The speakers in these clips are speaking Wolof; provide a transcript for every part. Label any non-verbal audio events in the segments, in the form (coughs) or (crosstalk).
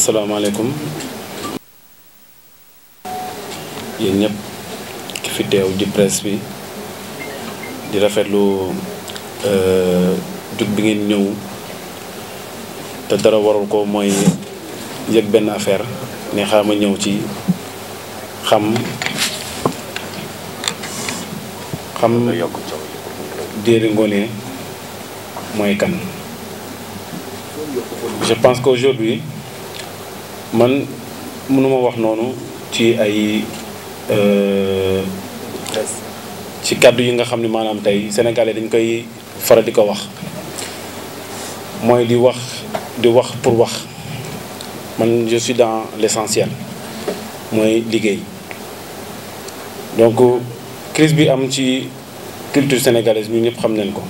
asalaamaaleykum yéen ñëpp ki fi teew di presse bi di rafetlu euh, jug bi ngeen ñëw te dara waral ko mooy yëg benn affaire ne xaama ñëw ci xam xam Diery Ngoné mooy kan je que qu'aujourd'hui man mënuma wax noonu ci ay euh, ci kàddu yi nga xam ne maanaam tey sénégalais dañ koy faral di ko wax mooy di wax di wax pour wax man je suis dans l'essentiel mooy liggéey donc crise bi am ci culture sénégalaise ñun ñëpp xam nañ ko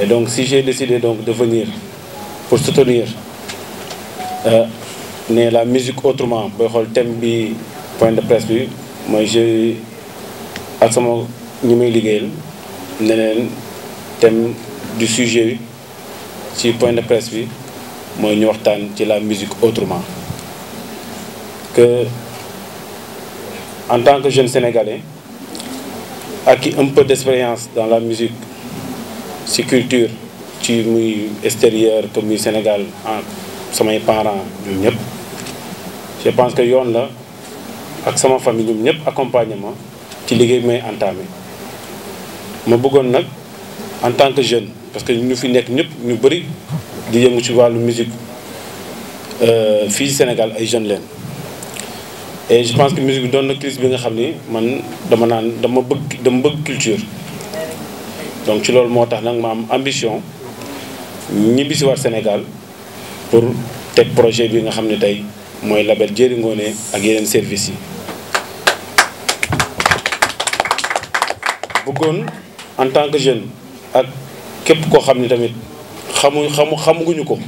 et donc si j'ai décidé donc de venir pour soutenir Euh, ne la musique autrement booy xool thème bi point de presse bi mooy je ak sama ñu may liggéeyal ne leen thème du sujet bi ci point de presse bi mooy ñu waxtaan ci la musique autrement que en tant que jeune ak i un peu d'expérience dans la musique ci culture ci muy extérieur comme muy Sénégal samay parents ñun ñëpp je pense que yoon la ak sama famille ñun ñëpp accompagnement ci liggéey bi may entamé ma bëggoon nag en tant que jeune parce que ñu fi nekk ñëpp ñu bëri di yëngu ci wàllu musique euh, fii Sénégal ay jeunes leen et je pense que musique bi doon na crise bi nga xam ni man dama naan dama bëgg dama bëgg culture donc ci loolu moo tax nag ma am ambition ñibbisiwaat Sénégal pour teg projet bi nga xam ne tey mooy label Jeri Ngoné ak yeneen service yi bëggoon en tant que jeune ak képp koo xam ne tamit xamu xamu xamuguñu ko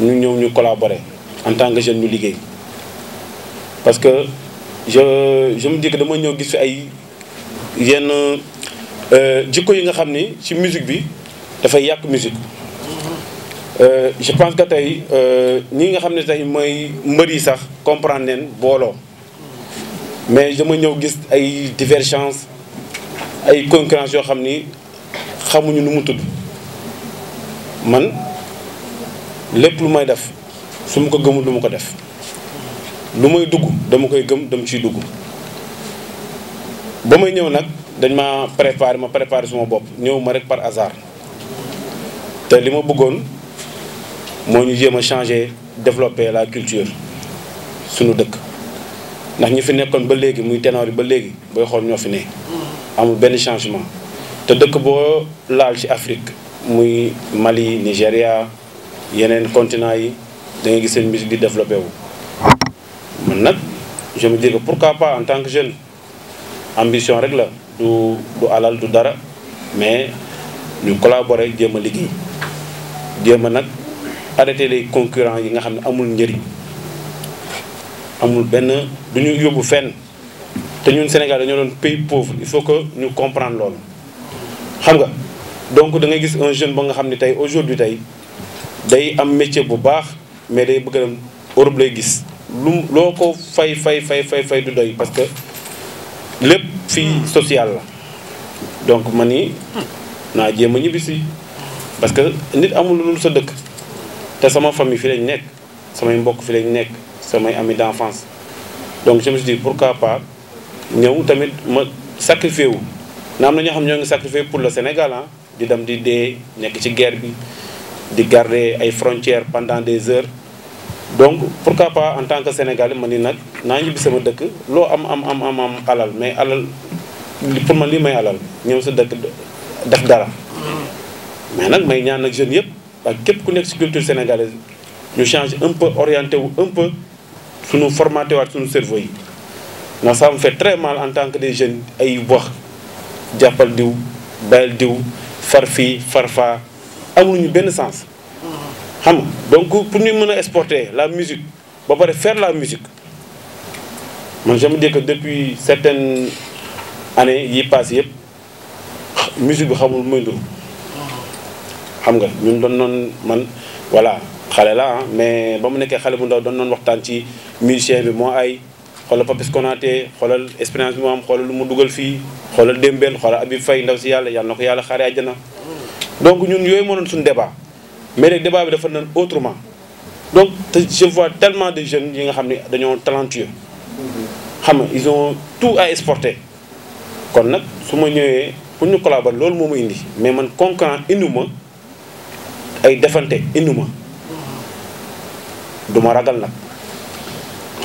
ñu ñëw ñu collaborer en tant que jeune ñu liggéey parce que je je me dis dama ñëw gis fi ay yenn euh, jikko yi nga xam ni ci musique bi dafay yàq musique Euh, je pense que tey euh, ñi nga xam ne tey mooy mbër yi sax comprendre neen booloo mais dama ñëw gis ay divergence ay concurrence yoo xam ni xamuñu nu mu tudd man lépp lu may def su ma ko gëmul lu ma ko def lu may dugg dama koy gëm dam ciy dugg ba may ñëw nag dañ ma préparé ma préparé suma bopp ñëw ma rek par hasard te li ma bëggoon moo ñu jéem a changer développer la culture suñu dëkk ndax ñi fi nekkoon ba léegi muy ténor yi ba léegi booy xool ñoo fi ne amul benn changement te dëkk boo laal ci Afrique muy Mali nigeria yeneen continent yi da gis seen musique di développé wu man nag je me dis que pourquoi pas en tant que jeune ambition rek la du du alal du dara mais ñu collaborer jéem a liggéey jéem nag arrêter les concurrents yi nga xam ne amul njëriñ amul benn du ñu yóbbu fenn te ñun Sénégal dañoo doon pays pauvre il faut que ñu comprendre loolu xam nga donc da ngay gis un jeune ba nga xam ne tey aujourd'hui tey day am métier bu baax mais day bëgg a dem Europe lay gis lu loo ko fay fay fay fay fay du doy parce que lépp fii social la donc man ni naa jéem a ñibbisi parce que nit amul lu sa dëkk te sama famille fi lañ nekk samay mbokk fi lañ nekk samay ami d'enfance donc je me suis pour pourquoi pas ñëw tamit ma sacrifié wu na am na ñoo xam ñoo ngi sacrifié pour le Sénégal ah, di dem di dee nekk ci guerre bi di garder ay frontières pendant des heures donc pourquoi pas en tant que Sénégalais ma ni nag naa ñibbi sama dëkk loo am am am am am alal mais alal pour man lii may alal ñëw sa dëkk def dara mm. mais nag may ñaan nag jeunes yëpp ak képp ku nekk si culture sénégalaise ñu change un peu orienté wu un peu suñu formaté waat suñu cerveau yi na ça me fait très mal en tant que des jeune ay wax jàppal diw bayal diw far fii far faa amuñu benn sens xam donc pour ñu mën a exporter la musique boo pare faire la musique man je me dis que depuis certaines années yi passé yëpp musique bi xamul mooy loolu xam nga ñun doon noon man voilà xale la ah, mais ba mu nekkee xale bu ndaw doon noon waxtaan ci musicien bi moo ay xoolal Papis Konaté xoolal expérience bi mu am xoolal lu mu dugal fii xoolal Dembel xoolal Habib Faye ndaw si yàlla yàlla na ko yàlla xaaree na donc ñun yooyu moo doon suñu débat mais nag débat bi dafa noon autrement donc te je vois tellement de jeunes yi nga xam ne dañoo talentueux xam nga ils ont tout ay exporter kon nag su ma ñëwee pour ñu collaborer loolu moo ma indi mais man concurrent indi ma ay defante indi ma du ma ragal nag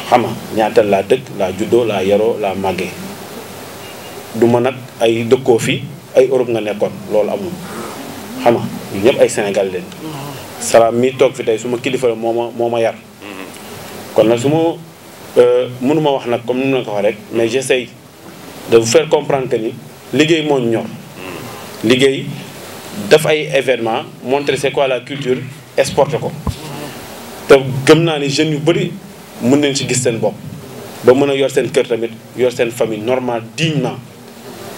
xam nga ñaata laa dëkk laa juddoo laa yaroo laa màggee du ma nag ay dëkkoo fii ay Europe nga nekkoon loolu amul xam nga ñu ñëpp ay Sénégal leen salaam mi toog fi tey su kilifa la moo ma moo ma yar kon nag su ma euh, mënuma wax nag comme ni ma ko rek mais j'essaie de vous faire comprendre que ni liggéey moo ñor liggéey def ay événement montrer c'est la culture exporter ko te gëm naa ni jeunes yu bëri mën nañ ci gis seen bopp ba mën a yor seen kër tamit yor seen famille normal dignement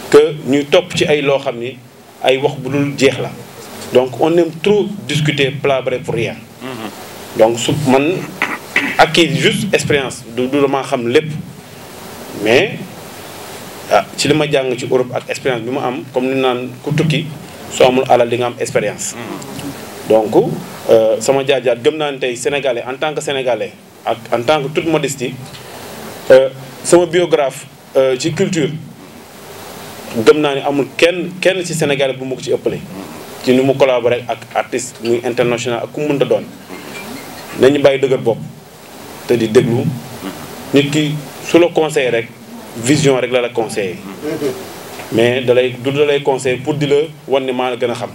que ñuy topp ci ay loo xam ni ay wax bu dul jeex la donc on aime trop discuter palabrer pour rien mm-hmm. donc su man acquis juste expérience du du damaa xam lépp mais ah ci li ma jàng ci Europe ak expérience bi mu am comme ni naan ku tukki soo amul alal di nga am expérience. donc euh, sama jaar-jaar gëm naa ni tey sénégalais en tant que sénégalais ak en tant que toute modestie euh, sama biographe euh, ci culture gëm naa ni amul kenn kenn ci sénégalais bu mu ko ci ëpple ci ni mu collaboré ak artiste muy international ak ku mun mënta doon nañu bàyyi dëgër bopp te di déglu nit ki su la conseillé rek vision rek la la conseillé. mais dalay du dalay conseil pour di la wan ne maa la gën a xam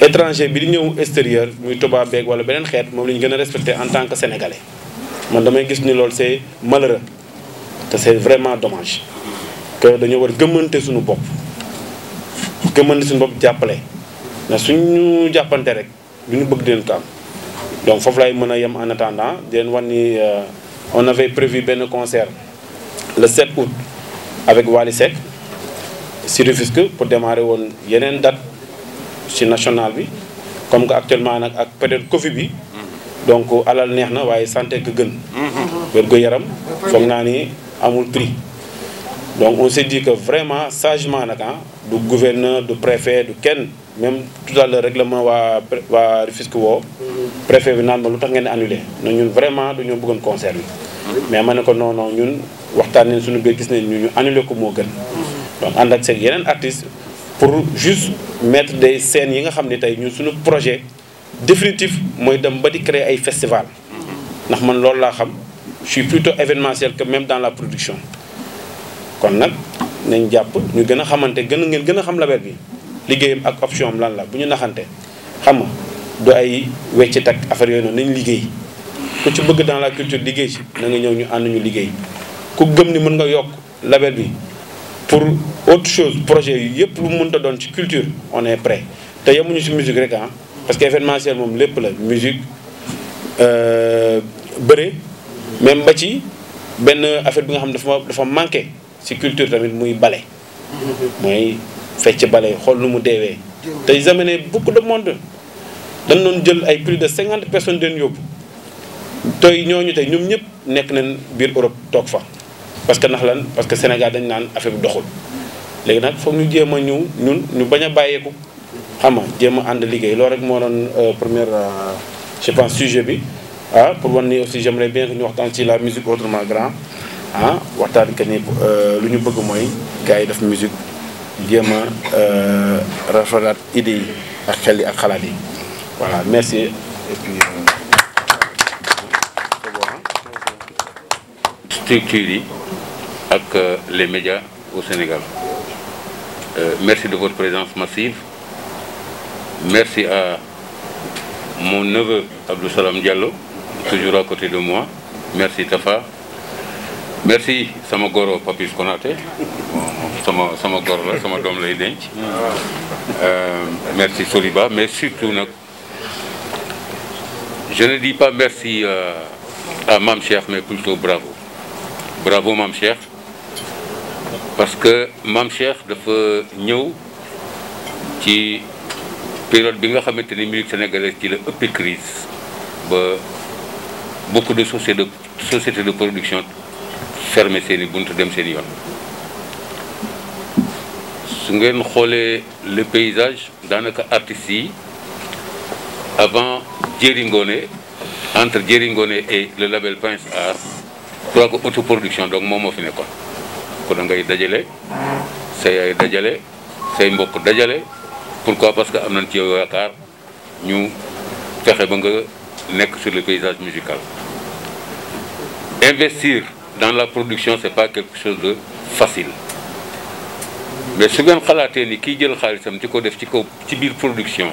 étranger bi di ñëw extérieur muy tubaab beeg wala beneen xeet moom la ñu gën a respecté en tant que sénégalais man damay gis ni loolu c'est malheureux te c'est vraiment domage que dañoo war gëmmante suñu bopp gëmmante suñu bopp jàppale na suñu jàppante rek lu ñu bëgg di leen donc foofu lay mën a yem en attendant den leen wan ni euh, on avait prévu benn concert le 7 août avec Wally Seck si Rufisque pour démarrer woon yeneen date si national bi comme que actuellement nag ak période Covid bi donc alal neex na waaye santé ko gën wérgu yaram foog naa ni amul prix donc on s'est dit ko vraiment sagement nag am ah, du gouverneur du préfet du kenn même tout à l'heure règlement waa waa Rufisque woo préfet bi naan ma lu tax ngeen annulé na ñun vraiment du ñoo bëggoon concert bi mais ma ne ko non non ñun waxtaan nañ suñu biir gis nañ ñu ñu annulé ko moo gën donc ànd ak seen yeneen artistes pour juste mettre des scènes yi nga xam ne tey ñun suñu projet définitif mooy dem ba di créer ay festival ndax man loolu laa xam je suis plutôt événementiel que même dans la production kon nag nañ jàpp ñu gën a xamante gën a gën a xam label bi liggéeyam ak option lan la bu ñu naxante xam nga du ay weccit ak affaire yooyu noonu nañ liggéey ku ci bëgg dans la culture liggéey ci na nga ñëw ñu ànd ñu liggéey ku gëm ni mën nga yokk label bi pour autre chose projet yi yëpp lu mënta doon ci culture on est près te yemuñu ci musique rek ah parce que événementiel moom lépp la musique euh, bëre même ba ci benn affaire bi nga xam ne dafa dafa manqué ci culture tamit muy bale mooy fecc bale xool lu mu deewee te ils amenaient beaucoup de monde dañ doon jël ay plus de cinquante personnes den yóbbu tey ñooñu tey ñoom ñëpp nekk nañ biir Europe toog fa parce que ndax lan parce que Sénégal dañ naan affaire bi doxul léegi nag foog ñu jéem a ñëw ñun ñu bañ a bàyyeeku xam nga jéem a ànd liggéey loolu rek moo doon euh, première euh, je pense sujet bi ah pour wan ni aussi j'aimerais bien ñu waxtaan ci la musique autrement grand ah waxtaan que ni euh, lu ñu bëgg mooy gars yi def musique jéem a rafetaat idée yi ak xel yi ak xalaat yi voilà merci et puis structure yi ak euh, les médias au Sénégal euh, merci de votre présence massive merci à mon neveu Abdou Salam Diallo toujours à côté de moi merci Tafa merci sama goro Papis Konaté sama sama gor la sama doom lay denc euh, merci Soliba mais surtout nag je ne merci euh, à Mame Cheikh mais plutôt bravo bravo Mame parce que maam Cheikh dafa ñëw ci période bi nga xamante ni musique sénégalaise ci la ëppi crise ba beaucoup de société de société de production fermé seen i bunt dem seen yoon su ngeen xoolee le paysage daanaka artistes yi avant Diéry Ngoné entre Diéry Ngoné et le label Prince Art trois autoproduction donc moom moo fi nekkoon kon da ngay dajale say ay dajale say mbokk dajale pourquoi parce que am nañ ci yow yaakaar ñu fexe ba nga nekk sur le paysage musical investir dans la production c'est pas quelque chose de facile mais su ngeen xalaatee ni kiy jël xaalisam di ko def ci kaw ci biir production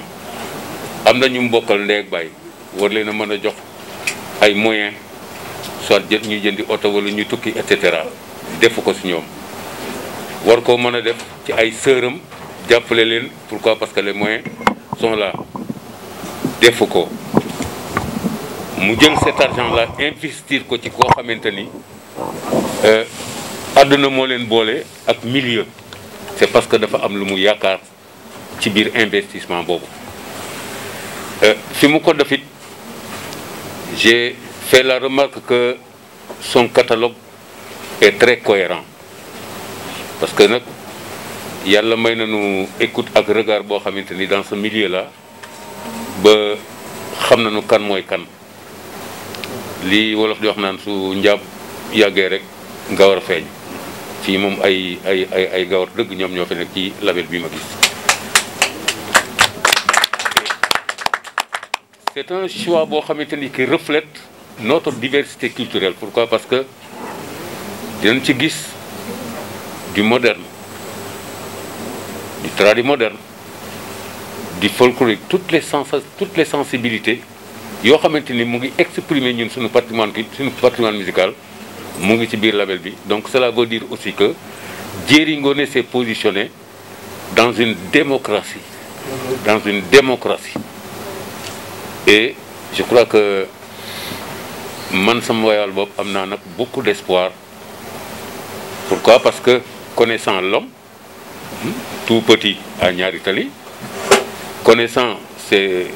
am na ñu mbokkal ndeeg bàyyi war leen a mën a jox ay moyens soit jël ñu jëndi oto wala ñu tukki et cetera defu ko si ñoom war koo mën a def ci ay sëram jàppale leen pourquoi parce que les moyens sont là defu ko mu jël cet argent la investir ko ci koo xamante ni euh, àdduna moo leen boole ak milieu c'est parce que dafa am lu mu yaakaar ci biir investissement boobu euh, fi mu ko defit j'ai fait la remarque que son catalogue est très cohérent parce que nag yàlla may nañu écoute ak regard boo xamante ni dans ce milieu la ba xam nañu kan mooy kan lii wolof di wax naan su njaab yàggee rek gawar feeñ fii moom ay ay ay ay gawar dëgg ñoom ñoo fi nekk ci label bi ma gis. c'est un choix boo xamante ni qui reflète notre diversité culturelle pourquoi parce que dinañ ci gis du moderne du di moderne du folklorique toutes les sens toutes les sensibilités yoo xamante ni mu ngi exprimer ñun suñu patrimoine ki suñu patrimoine musical mu ngi ci biir label bi donc cela veut dire aussi que Jerry Ngoné s'est positionné dans une démocratie dans une démocratie et je crois que man sama wayal bopp am naa nag beaucoup d'espoir Pourquoi Parce que connaissant l'homme, hmm, tout petit à Ñaari Tali, connaissant ses,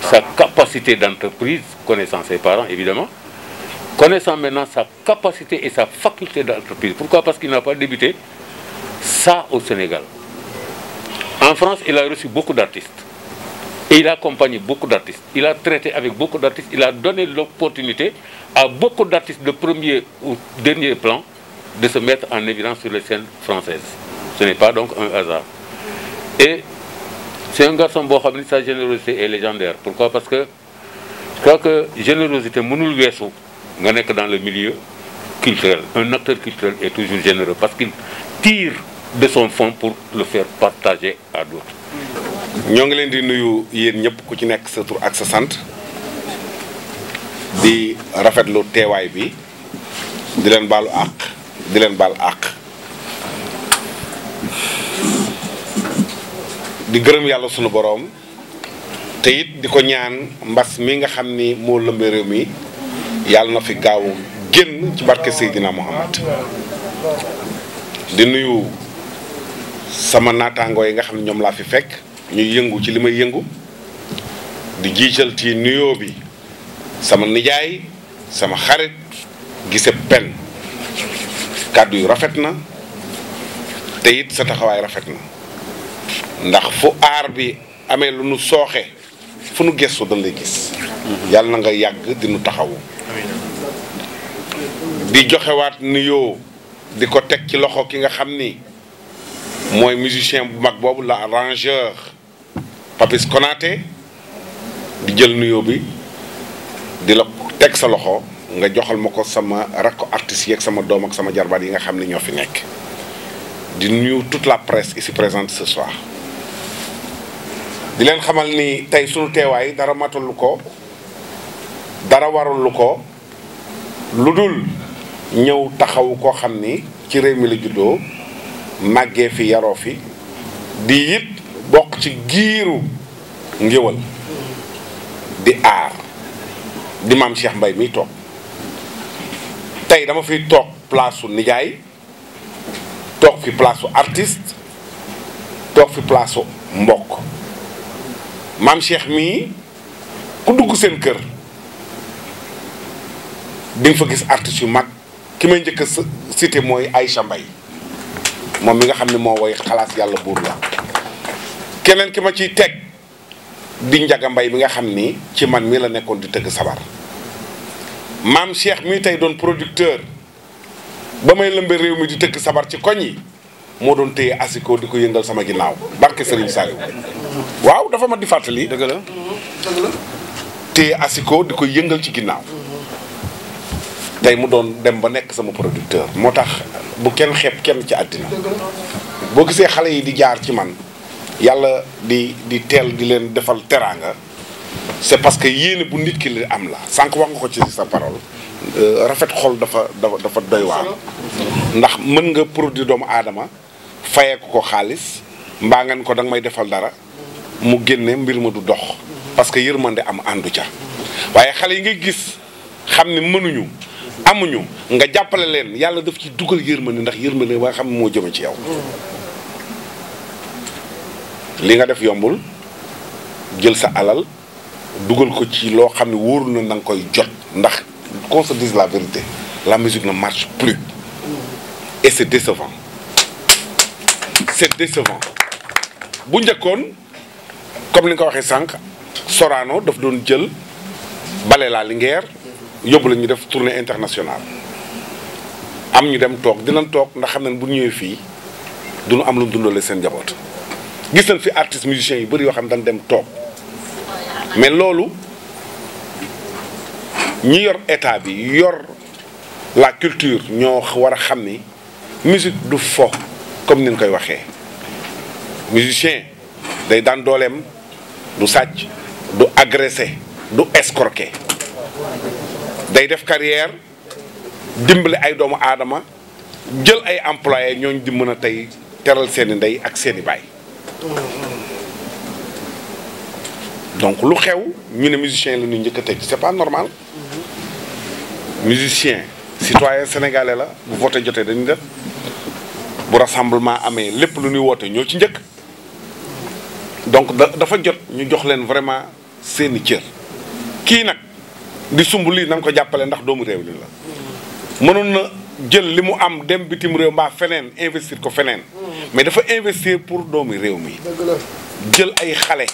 sa capacité d'entreprise, connaissant ses parents évidemment, connaissant maintenant sa capacité et sa faculté d'entreprise. Pourquoi Parce qu'il n'a pas débuté ça au Sénégal. En France, il a reçu beaucoup d'artistes. Et il a accompagné beaucoup d'artistes. Il a traité avec beaucoup d'artistes. Il a donné l'opportunité à beaucoup d'artistes de premier ou dernier plan de se mettre en évidence sur les scènes françaises. Ce n'est pas donc un hasard. Et c'est un garçon boo xam ni sa générosité est légendaire. Pourquoi? Parce que je crois que générosité mënul weesu nga nekk dans le milieu culturel. Un acteur culturel est toujours généreux parce qu'il tire de son fond pour le faire partager à d'autres. ñoo ngi leen di nuyu yéen ñëpp ku ci nekk sa ak sa sant di rafetlu teewaay bi di leen baalu àq di leen baal àq di gërëm yàlla sunu boroom te it di ko ñaan mbas mi nga xam ni moo lëmbe réew mi yàlla na fi gaaw génn ci barke Seydina Muhammad di nuyu sama naataangoo yi nga xam ne ñoom laa fi fekk ñuy yëngu ci li may yëngu di jiital ci nuyoo bi sama nijaay sama xarit gise pen kàddu yu rafet na te it sa taxawaay rafet na ndax fu aar bi amee lu nu sooxe fu nu gestu dañ lay gis yàlla na nga yàgg di nu taxawu di joxewaat nuyoo di ko teg ci loxo ki nga xam ni mooy musicien bu mag boobu la arrangeur Papis Konaté di jël nuyoo bi di la teg sa loxo nga joxal ma ko sama rakk artistes yi ak sama doom ak sama jarbaat yi nga xam ne ñoo fi nekk di nuyu tout la presse si présente ce soir di leen xamal ni tey sunu teewaay dara matul ko dara warul ko lu dul ñëw taxaw koo xam ni ci réew mi la juddoo màggee fi yaroo fi di it bokk ci giiru ngéwal di aar di maam Cheikh mbay mi toog tey dama fi toog place su nijaay toog fi place su artiste toog fi place mbokk maam Cheikh mii ku dugg seen kër di fa gis artistes yu mag ki may njëkk a cité mooy Aïcha mbay moom mi nga xam ni moo woy xalaas yàlla buur la keneen ki ma ci teg di Njaga mbay mi nga xam ni ci man mii la nekkoon di tëgg sabar maam Cheikh mii tey doon producteur ba may lëmbe réew mi di tëgg sabar ci koñ yi moo doon téye asiko di ko yëngal sama ginnaaw barke Serigne Saliou waaw dafa ma di fàttali. dëgg la di ko yëngal ci ginnaaw tey mu doon dem ba nekk sama producteur moo tax bu kenn xepp kenn ci àddina boo gisee xale yi di jaar ci man yàlla di di teel di leen defal teraanga. c'est parce que yéene bu nit ki li am la sànq wax nga ko ci sa parole euh, rafet xol dafa dafa dafa doy waar ndax mën nga produit doomu aadama fayeeku ko xaalis mbaa ngeen ko danga may defal dara mu génne mbir ma du dox parce que yërmande am àndu ca waaye xale yi nga gis xam ne mënuñu amuñu nga jàppale leen yàlla daf ci dugal yërmande ndax yërmande ba nga xam ne moo jëme ci yow li nga def yombul jël sa alal dugal ko ci loo xam ne wóorul na nanga koy jot ndax qu'on la vérité la musique ne marche plus et c'est décevant c'est décevant bu njëkkoon comme li nga ko waxee sànq Sorano daf doon jël bale li Linguère yóbbu la ñu def tournée internationale am ñu dem toog dinañ toog ndax xam nañ bu ñëwee fii duñu am lu mu dundalee seen njaboot gis nañ fi artistes musiciens yu bëri yoo xam dañ dem toog mais loolu ñi yor état bi yor la culture ñoo war a xam ni musique du fo comme ni ñu koy waxee musicien day daan dooleem du sàcc du agressé du escroqué day def carrière dimbali ay doomu aadama jël ay employé ñooñ di mën a tey teral seeni ndey ak seeni baay donc lu xew ñu ne musicien la ñu njëkk a teg c'est pas normal musicien citoyen sénégalais la bu voté jotee dañuy def bu rassemblement amee lépp lu nuy woote ñoo ci njëkk donc da dafa jot ñu jox leen vraiment seeni cër kii nag di sumb lii nan ko jàppale ndax doomu réew li la mënoon na jël li mu am dem bitim réew mbaa feneen investir ko feneen mm. mais dafa investir pour doomi réew mi jël ay xale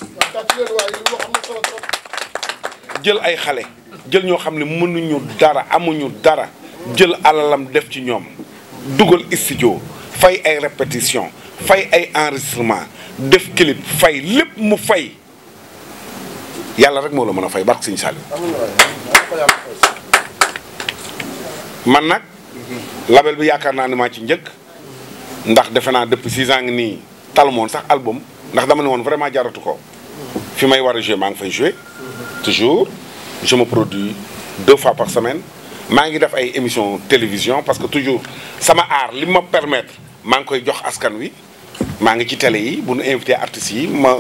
jël ay xale jël ñoo xam ne mënuñu dara amuñu dara jël alalam def ci ñoom dugal studio fay ay répétition fay ay enregistrement def clip fay lépp mu fay yàlla rek moo la mën a fay barke Sëñ Saaliw man nag label bi yaakaar naa ne maa ci njëkk ndax defe naa depuis six ans ngi nii talumoon sax album ndax dama ne woon vraiment jaratu ko fi may war a jouer maa ngi fay jouer toujours je me produis deux fois par semaine maa ngi def ay émission télévision parce que toujours sama aar li ma permettre maa ngi koy jox askan wi maa ngi ci télé yi bu nu invité artistes yi ma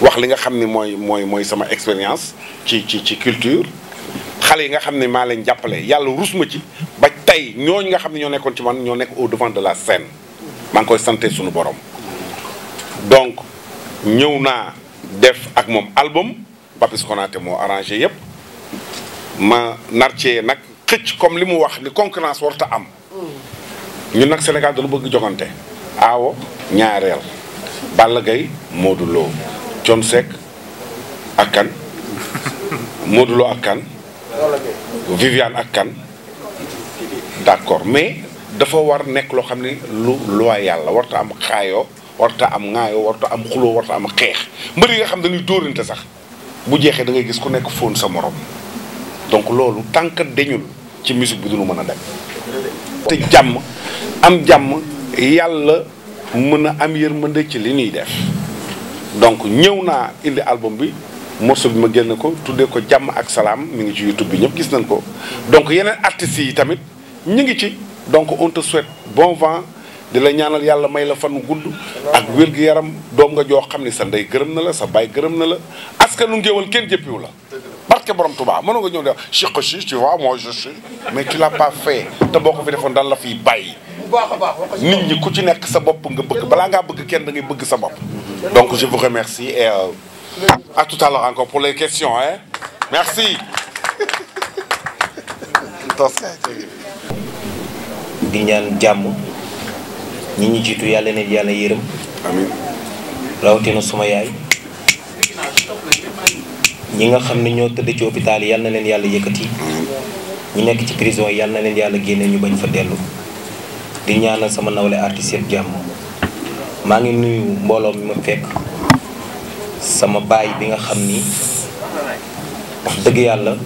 wax li nga xam ni mooy mooy mooy sama expérience ci ci ci culture xale yi nga xam ne maa leen jàppale yàlla rus ci ba tey ñooñu nga xam ne ñoo nekkoon ci man ñoo nekk au devant de la scène maa ngi koy santé suñu borom ñëw naa def ak moom album Papis Konaté moo arrangé yëpp ma nar nag xëcc comme li mu wax ni concurrence warta am ñun nag Sénégal dañu bëgg jogante aawo ñaareel Balla Gaye Modou Lo Thione ak kan Modou Lo ak kan Viviane ak kan d'accord mais dafa war nekk loo xam ne lu loyal la warta am xaayoo warta am ŋaayoo warta am xuloo warta am xeex mbër yi nga xam dañuy dóorante sax bu jeexee da ngay gis ku nekk fóon sa morom donc loolu tànk deñul ci musique bi duñu mën a dem te jàmm am jàmm yàlla mën a am yërmande ci li ñuy def donc ñëw naa indi album bi morceau bi ma génn ko tuddee ko jàmm ak salaam mu ngi ci YouTube bi ñëpp gis nañ ko donc yeneen artistes yi tamit ñu ngi ci donc on te bon vent di la ñaanal yàlla may la fanu gudd ak wér gu yaram doom nga joo xam ne sa ndey gërëm na la sa baay gërëm na la askanu ngéwal kenn jëppiwu la barke borom Touba mën nga ñëw de chiq si tu vois moi mais tu l'as pas te boo ko fi defoon daan la fiy bàyyi nit ñi ku ci nekk sa bopp nga bëgg balaa ngaa bëgg kenn da ngay bëgg sa bopp donc je vous remercie et euh, à tout à encore pour les questions hein merci di ñaan jàmm ñi ñu jiitu yàlla ne yàlla yërëm amiin rawatina suma yaay ñi nga xam ne ñoo tëdd ci hôpital yi na leen yàlla yëkkati ñu nekk ci prison yi yal na leen yàlla génne ñu bañ fa dellu di ñaanal sama nawle artiste yëpp jàmm maa ngi nuyu mbooloo mi ma fekk sama baay bi nga xam ni wax dëgg yàlla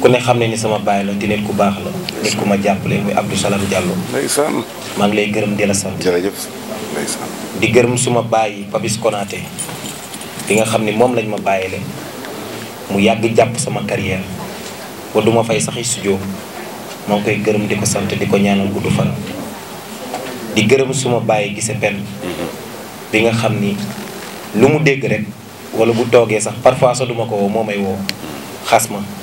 ku ne xam ne ni sama baay la di nit ku baax la nit ku ma jàppale muy Abdou Salam Diallo ndeysaan maa ngi lay gërëm di la sant di gërëm suma baay Papis Konaté di nga xam ne moom lañ ma bàyyi la mu yàgg jàpp sama carrière ba du fay sax studio maa ngi koy gërëm di ko sant di ko ñaanal gudd fan di gërëm suma baay gise pen bi nga xam ni lu mu dégg rek wala bu toogee sax parfois sa duma ko woo moo may woo xas ma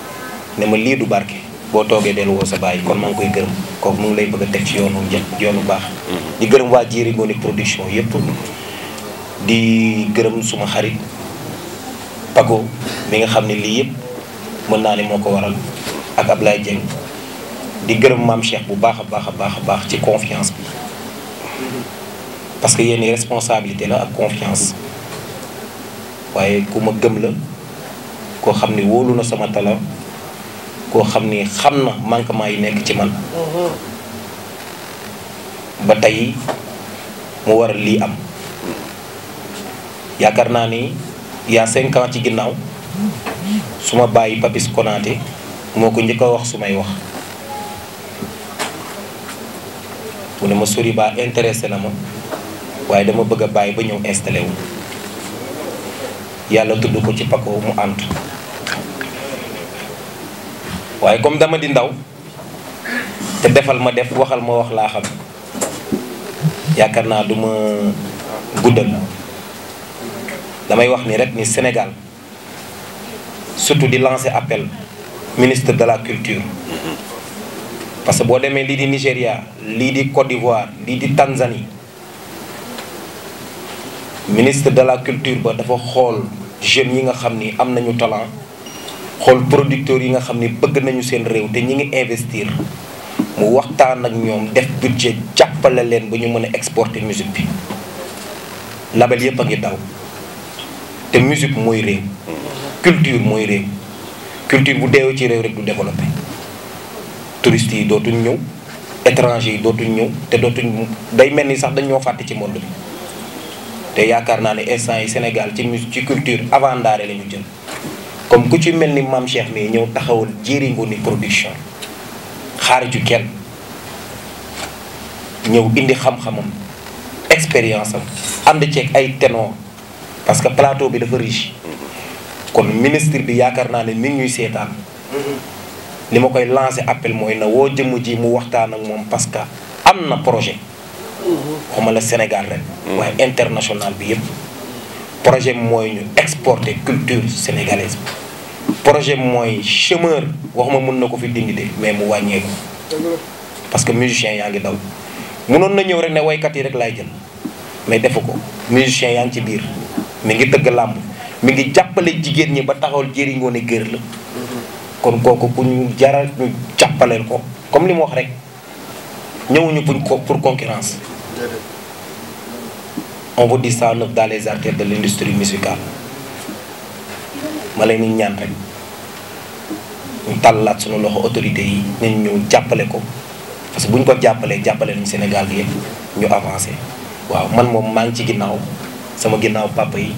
ne ma lii du barke boo toogee del woo sa bàyyi kon maa ngi koy gërëm kooku mu ngi lay bëgg a teg ci yoonu njël yoonu baax mm-hmm. di gërëm waa Jiri Ngoné production yëpp di gërëm suma xarit Pago mi nga xam ne lii yëpp mën naa ne moo ko waral ak Ablaye Dieng di gërëm maam Cheikh bu baax a baax a baax a baax ci confiance bi parce que yenn responsabilité la ak confiance waaye ku ma gëm la koo xam ne wóolu na sama talent koo xam ni xam na manquement yi nekk ci man ba tey mu war lii am yaakaar naa ni yaa cinq ci ginnaaw suma bàyyi Papis Konaté moo ko njëkk wax su may wax mu ne ma Soriba intéressé na ma waaye dama bëgg a bàyyi ba ñëw installé wu yàlla tudd ko ci Paco mu ànd waaye comme dama di ndaw te defal ma def waxal ma wax laa xam yaakaar naa du ma guddal damay wax ni rek ni Sénégal surtout di lancer appel ministre de la culture parce que boo demee lii di Nigéria lii di Côte d'Ivoire lii di Tanzanie ministre de la culture ba dafa xool jeunes yi nga xam ni am nañu talent xool producteurs yi nga xam ni bëgg nañu seen réew te ñi ngi investir mu waxtaan ak ñoom def budget jàppale leen ba ñu mën a exporter musique bi label yëpp a ngi daw te musique mooy réew culture mooy réew culture bu deewee ci réew rek du développé touristes yi dootuñ ñëw étrangers yi dootuñ ñëw te dootuñ day mel ni sax dañ ñoo fàtte ci monde bi te yaakaar naa ne instant yi Sénégal ci ci culture avant ndaare la ñu jël comme ku ci mel ni maam Cheikh mii ñëw taxawul taxawal Djeri Ngoné production xaar ju kenn ñëw indi xam-xamam expérience am ànd ceeg ay ténor parce que plateau bi dafa riche kon ministre bi yaakaar naa ne mi ngi ñuy seetaan li ma koy lancé appel mooy na woo jëmm ji mu waxtaan ak moom parce que am na projet xuma la Sénégal rek waaye international bi yëpp projet mooy ñu exporter culture sénégalaise projet mooy chômeur waxuma mun na ko fi dindi de mais mu wàññeeku parce que musicien yaa ngi daw mënoon na ñëw rek ne waykat yi rek laay jël mais defu ko musicien yaa ngi ci biir mi ngi tëgg làmb mi ngi jàppale jigéen ñi ba taxawal jëri ngoone gër la kon kooku ku ñu jaral ñu jàppaleel ko comme li mu wax rek ñëwuñu buñ ko pour concurrence on di dit ça neuf dans les artères de l'industrie musicale ma leen di ñaan rek ñu tàllalaat suñu loxo autorité yi nañ ñu jàppale ko parce que bu ñu ko jàppalee jàppale nañ Sénégal gi yëpp ñu avancé waaw man moom maa ngi ci ginnaaw sama ginnaaw papa yi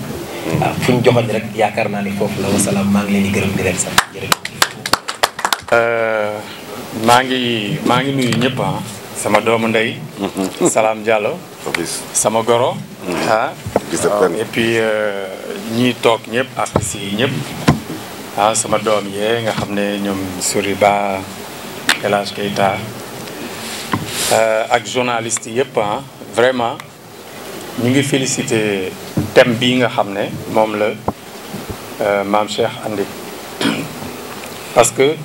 waaw ah, fu ñu joxoñ rek yaakaar naa ni foofu la wasalaam maa ngi leen di gërëm di leen sant jërëjëf euh, maa ngi maa ngi nuyu ñëpp ah. sama doomu ndey. Mhm. Salam Diallo. sama goro. ah et puis euh, ñii toog ñëpp artistes yi ñëpp ah sama doom yee nga xam ne ñoom Sori Ba El Hadj euh, ak journalistes yëpp ah vraiment ñu ngi félicité thème bi nga xam ne moom la euh, maam Cheikh andi (coughs) parce que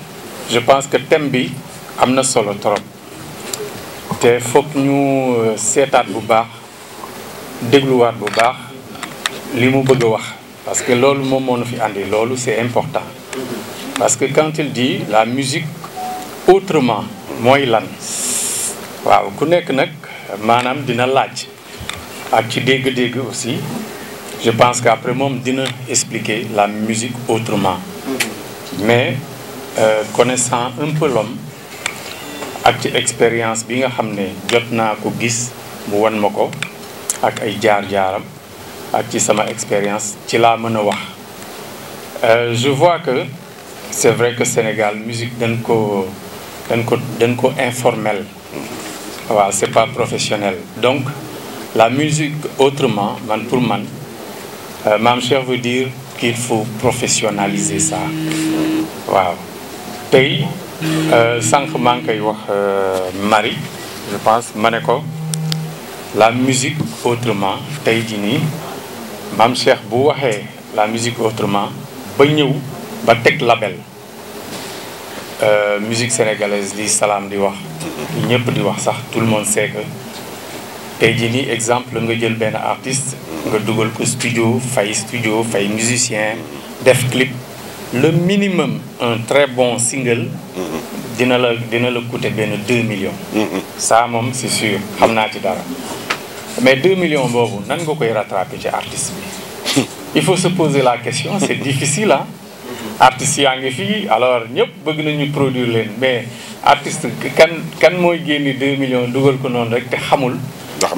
je pense que thème bi am na solo trop te foog ñu seetaat bu baax. dégluwaat bu baax li mu bëgg a wax parce que loolu moom moom nu fi andi loolu c'est important parce que quand il dit la musique autrement mooy lan waaw ku nekk nag maanaam dina laaj ak ci dégg-dégg aussi je pense que après moom dina expliquer la musique autrement mais euh, connaissant un peu ak ci expérience bi nga xam ne jot naa ko gis mu wan ma ko ak ay jaar-jaaram ak ci sama expérience ci laa mën a wax euh, je vois que c'est vrai que Sénégal musique dañ ko dañ ko dañ ko informel waaw c'est pas professionnel donc la musique autrement man pour man euh, maam Cheikh veut dire qu'il faut professionnaliser ça waaw tey euh, sànq maa ngi koy wax Marie je pense ma ne ko la musique autrement tey jii nii mam Cheikh bu waxee la musique autrement ba ñëw ba teg label euh, musique sénégalaise li salaam di wax ñëpp di wax sax tout le monde sait que tey jii nii exemple nga jël benn artiste nga dugal ko studio fay studio fay musicien def clip le minimum un très bon single dina la dina la coûter benn deux millions mm-hmm. ça moom c'est sûr xam naa ci dara mais deux millions boobu nan nga koy rattraper ci artiste bi (laughs) il faut se poser la question c'est difficile ah artistes yaa ngi fii alors ñëpp bëgg nañu produire leen mais artiste kan kan mooy génne 2 millions dugal ko noonu rek te xamul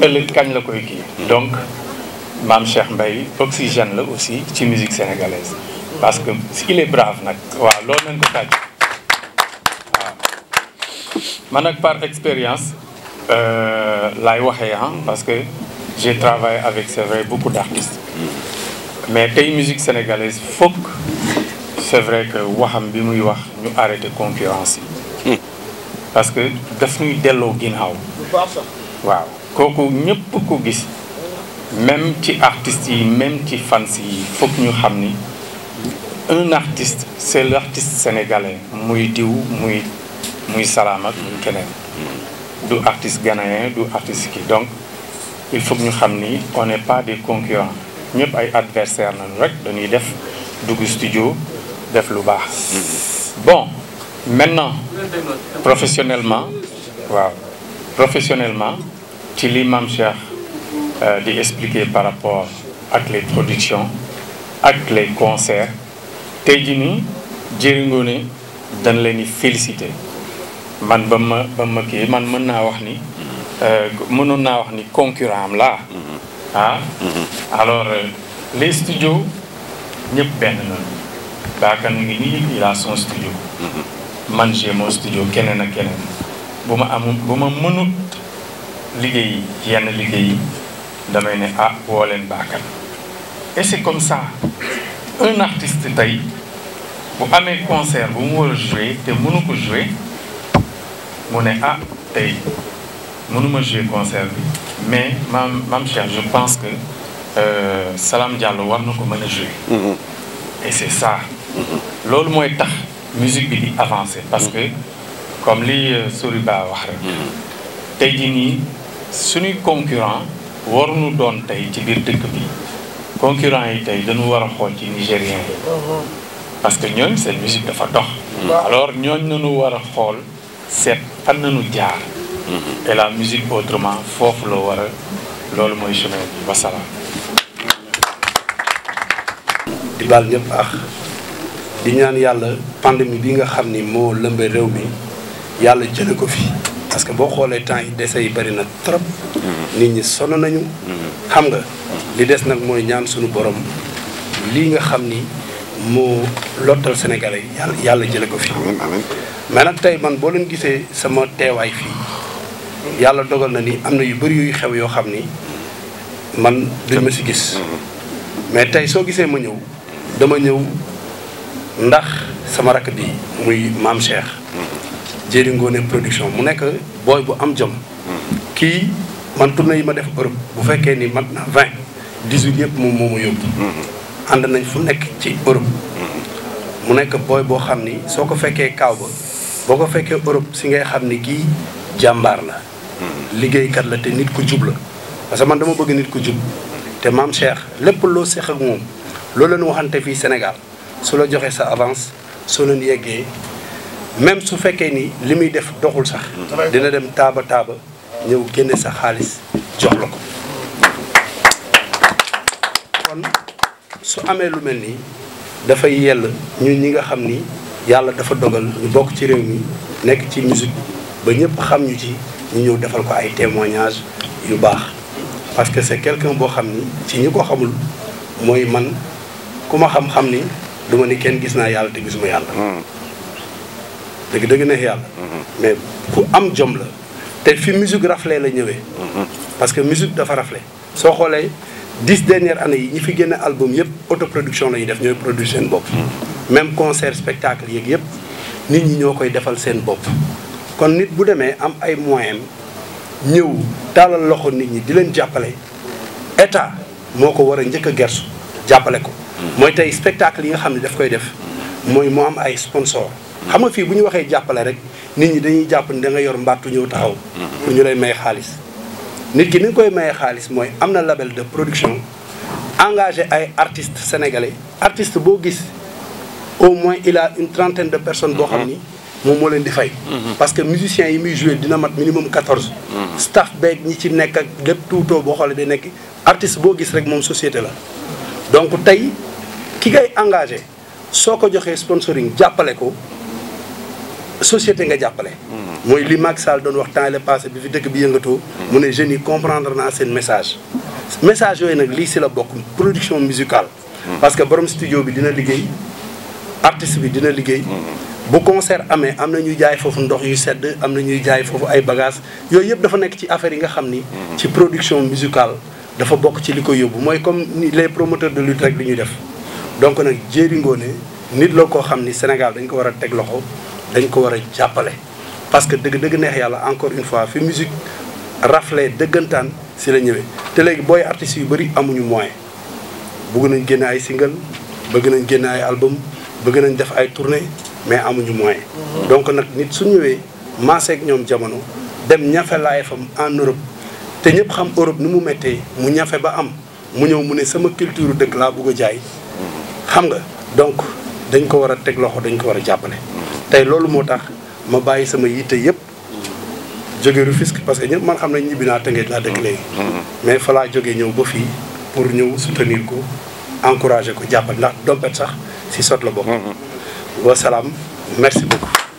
ëllëg kañ la koy kii hmm. donc Mame Cheikh Mbaye oxygène la aussi ci musique sénégalaise parce que il est brave nag waaw loolu nañ ko tàcc waaw man nag par expérience euh, laay waxee ah parce que j'ai travaillé avec c'est vrai beaucoup d'artistes mais tey musique sénégalaise foog c'est vrai que waxam bi muy wax ñu arrêté concurrence yi parce que daf ñuy delloo ginnaaw waaw kooku ñëpp ko gis même ci artist yi même ci fans yi foog ñu xam ni un artiste c'est l'artiste sénégalais muy diw muy muy salaam ak muy keneen du artiste ghanéen du artiste kii donc il faut ñu xam ni on n'est pas des concurrents ñëpp ay adversaires nañu rek dañuy def dugg studio def lu baax. Mhm. bon maintenant professionnellement waaw professionnellement ci li Mame Cheikh euh, di expliquer par rapport ak les productions ak les concerts tey jii nii Ndiéry Ngoné dañ leen di féliciter. man ba ma ma kii man mën naa wax ni euh, mënoon naa wax ni concurrent am laa mm-hmm. Ah. Mm-hmm. alors euh, les studios ñëpp benn nañu Bakar mi ngi nii il a studio mm-hmm. man j'ai mon studio keneen ak keneen bu ma amul bu ma mënut liggéey yenn liggéey yi damay ne ah woo leen Bakar et c'est comme ça un artiste tey bu amee concert bu mu war a te mënu ko jouer mu ne ah tey mënuma jouer concert bi mais maam maam Cheikh je pense que euh, Salam Diallo war na ko mën a jouer mm-hmm. et c'est ça mm-hmm. loolu mooy tax musique bi di avancer parce que mm-hmm. comme li euh, Soriba wax rek tey jii nii suñuy concurrent waruñu doon tey ci biir dëkk bi concurrent yi tey dañu war a xool ci nigérien yi parce que ñooñ seen musique dafa dox alors ñooñ nañu war a xool seet fan nañu jaar mhm. et la musique autrement foofu la war a loolu mooy chemin bi wasalaam di baal ñëpp ax di ñaan yàlla pandémie bi nga xam ni moo lëmbee réew mi yàlla jële ko fi parce que boo xoolee temps yi dese yi bëri na trop mhm. nit ñi sono nañu mhm. xam nga li des nag mooy ñaan suñu borom lii nga xam ni moo lottal Sénégalais yàlla yàlla jële ko fi mais na tey man boo leen gisee sama teewaay fii yàlla dogal na ni am na yu bëri yuy xew yoo xam ni man duñ ma si gis mais tey soo gisee ma ñëw dama ñëw ndax sama rakk bi muy maam Cheikh Jéeri Ngoone production mu nekk booy bu am jom kii man tournée yi ma def Europe bu fekkee ni mat na vingt dix-huit yëpp moom moo yóbbu ànd nañ fu nekk ci Europe mu nekk booy boo xam ni soo ko fekkee kaaw ba boo ko fekkee Europe si ngay xam ne kii jàmbaar la hmm. liggéeykat la te nit ku jub la parce que man dama bëgg nit ku jub te maam Cheikh lépp loo seq ak moom loolu la ñu waxante fii Sénégal su la joxee sa avance soo leen yeggee même su fekkee ni li muy def doxul sax hmm. dina dem taaba taaba ñëw génne sa xaalis jox la ko kon su amee lu mel nii dafay yell ñun ñi nga xam ni yàlla dafa dogal ñu bokk ci réew mi nekk ci musique ba ñëpp xam ñu ci ñu ñëw defal ko ay témoignages yu baax parce que c'est quelqu'un boo xam ni ci ñi ko xamul mooy man ku ma xam-xam ni duma ma ni kenn gis naa yàlla te gisuma yàlla hmm. dëgg dëgg neex yàlla hmm. mais ku am jom la te fi musique rafle la ñëwee hmm. parce que musique dafa rafle soo xoolee dix dernières années yi ñi fi génne album yëpp autoproduction la ñuy def ñooy produire seen bopp. même concert spectacle yeeg yëpp nit ñi ñoo koy defal seen bopp. kon nit bu demee am ay moyen ñëw tàllal loxo nit ñi di leen jàppale état moo ko war a njëkk a gersu jàppale ko. mooy tey spectacle yi nga xam ne daf koy def mooy mu am ay sponsor xam nga fii bu ñu waxee jàppale rek nit ñi dañuy jàpp ne da yor mbattu ñëw taxaw. pour ñu lay may xaalis. nit ki ni ñu koy mayee xaalis mooy am na label de production engagé ay artistes sénégalais artiste boo gis au moins il a une trentaine de personnes boo xam ni mm-hmm. moom moo leen di fay mm-hmm. parce que musiciens yi muy joué dina mat minimum quatorze mm-hmm. staff beeg ñi ci nekk ak lépp tuutoo boo xoolee day nekk artiste boo gis rek moom société la donc tey ki ngay engagé soo ko joxee sponsoring jàppale ko société nga jàppale. Hmm. mooy li Macky doon wax temps le passé bi fi dëkk bi yëngatoo. Hmm. mu ne jeunes yi comprendre naa seen message. message yooyu nag lii si la bokk production musicale. Hmm. parce que borom studio bi dina liggéey artiste bi dina liggéey. bu concert amee am na ñuy jaay foofu ndox yu sedd am na ñuy jaay foofu ay bagages yooyu yëpp dafa nekk ci affaire yi nga xam ni. ci production musicale dafa bokk ci li ko yóbbu mooy comme les promoteurs de lutte rek li ñuy def donc nag Diéry Ngone nit la koo xam ni Sénégal dañ ko war a teg dañ ko war a jàppale parce que dëgg dëgg neex yàlla encore une fois fi musique rafle dëggantaan si la ñëwee te léegi booy artistes yu bëri amuñu moyen bëgg nañ génne ay single bëgg nañ génne ay album bëgg nañ def ay tournée mais amuñu moyen mhm. donc nag nit su ñëwee maaseeg ñoom jamono dem ñafe laay fam en Europe te ñëpp xam Europe nu mu méttee mu ñafe ba am mu ñëw mu ne sama culture dëkk laa bugg a jaay mhm. xam nga donc dañ ko war a teg loxo dañ ko war a jàppale mhm. tey loolu moo tax ma bàyyi sama yitte yëpp jóge Rufisque parce que ñëpp man xam nañ ñibbi naa Tëngéej laa dëkk léegi. Mm-hmm. Mm-hmm. mais fa laa jógee ñëw ba fii pour ñëw soutenir ko encourager ko jàppal ndax dompet sax si sot la bokk. Mm-hmm. merci beaucoup.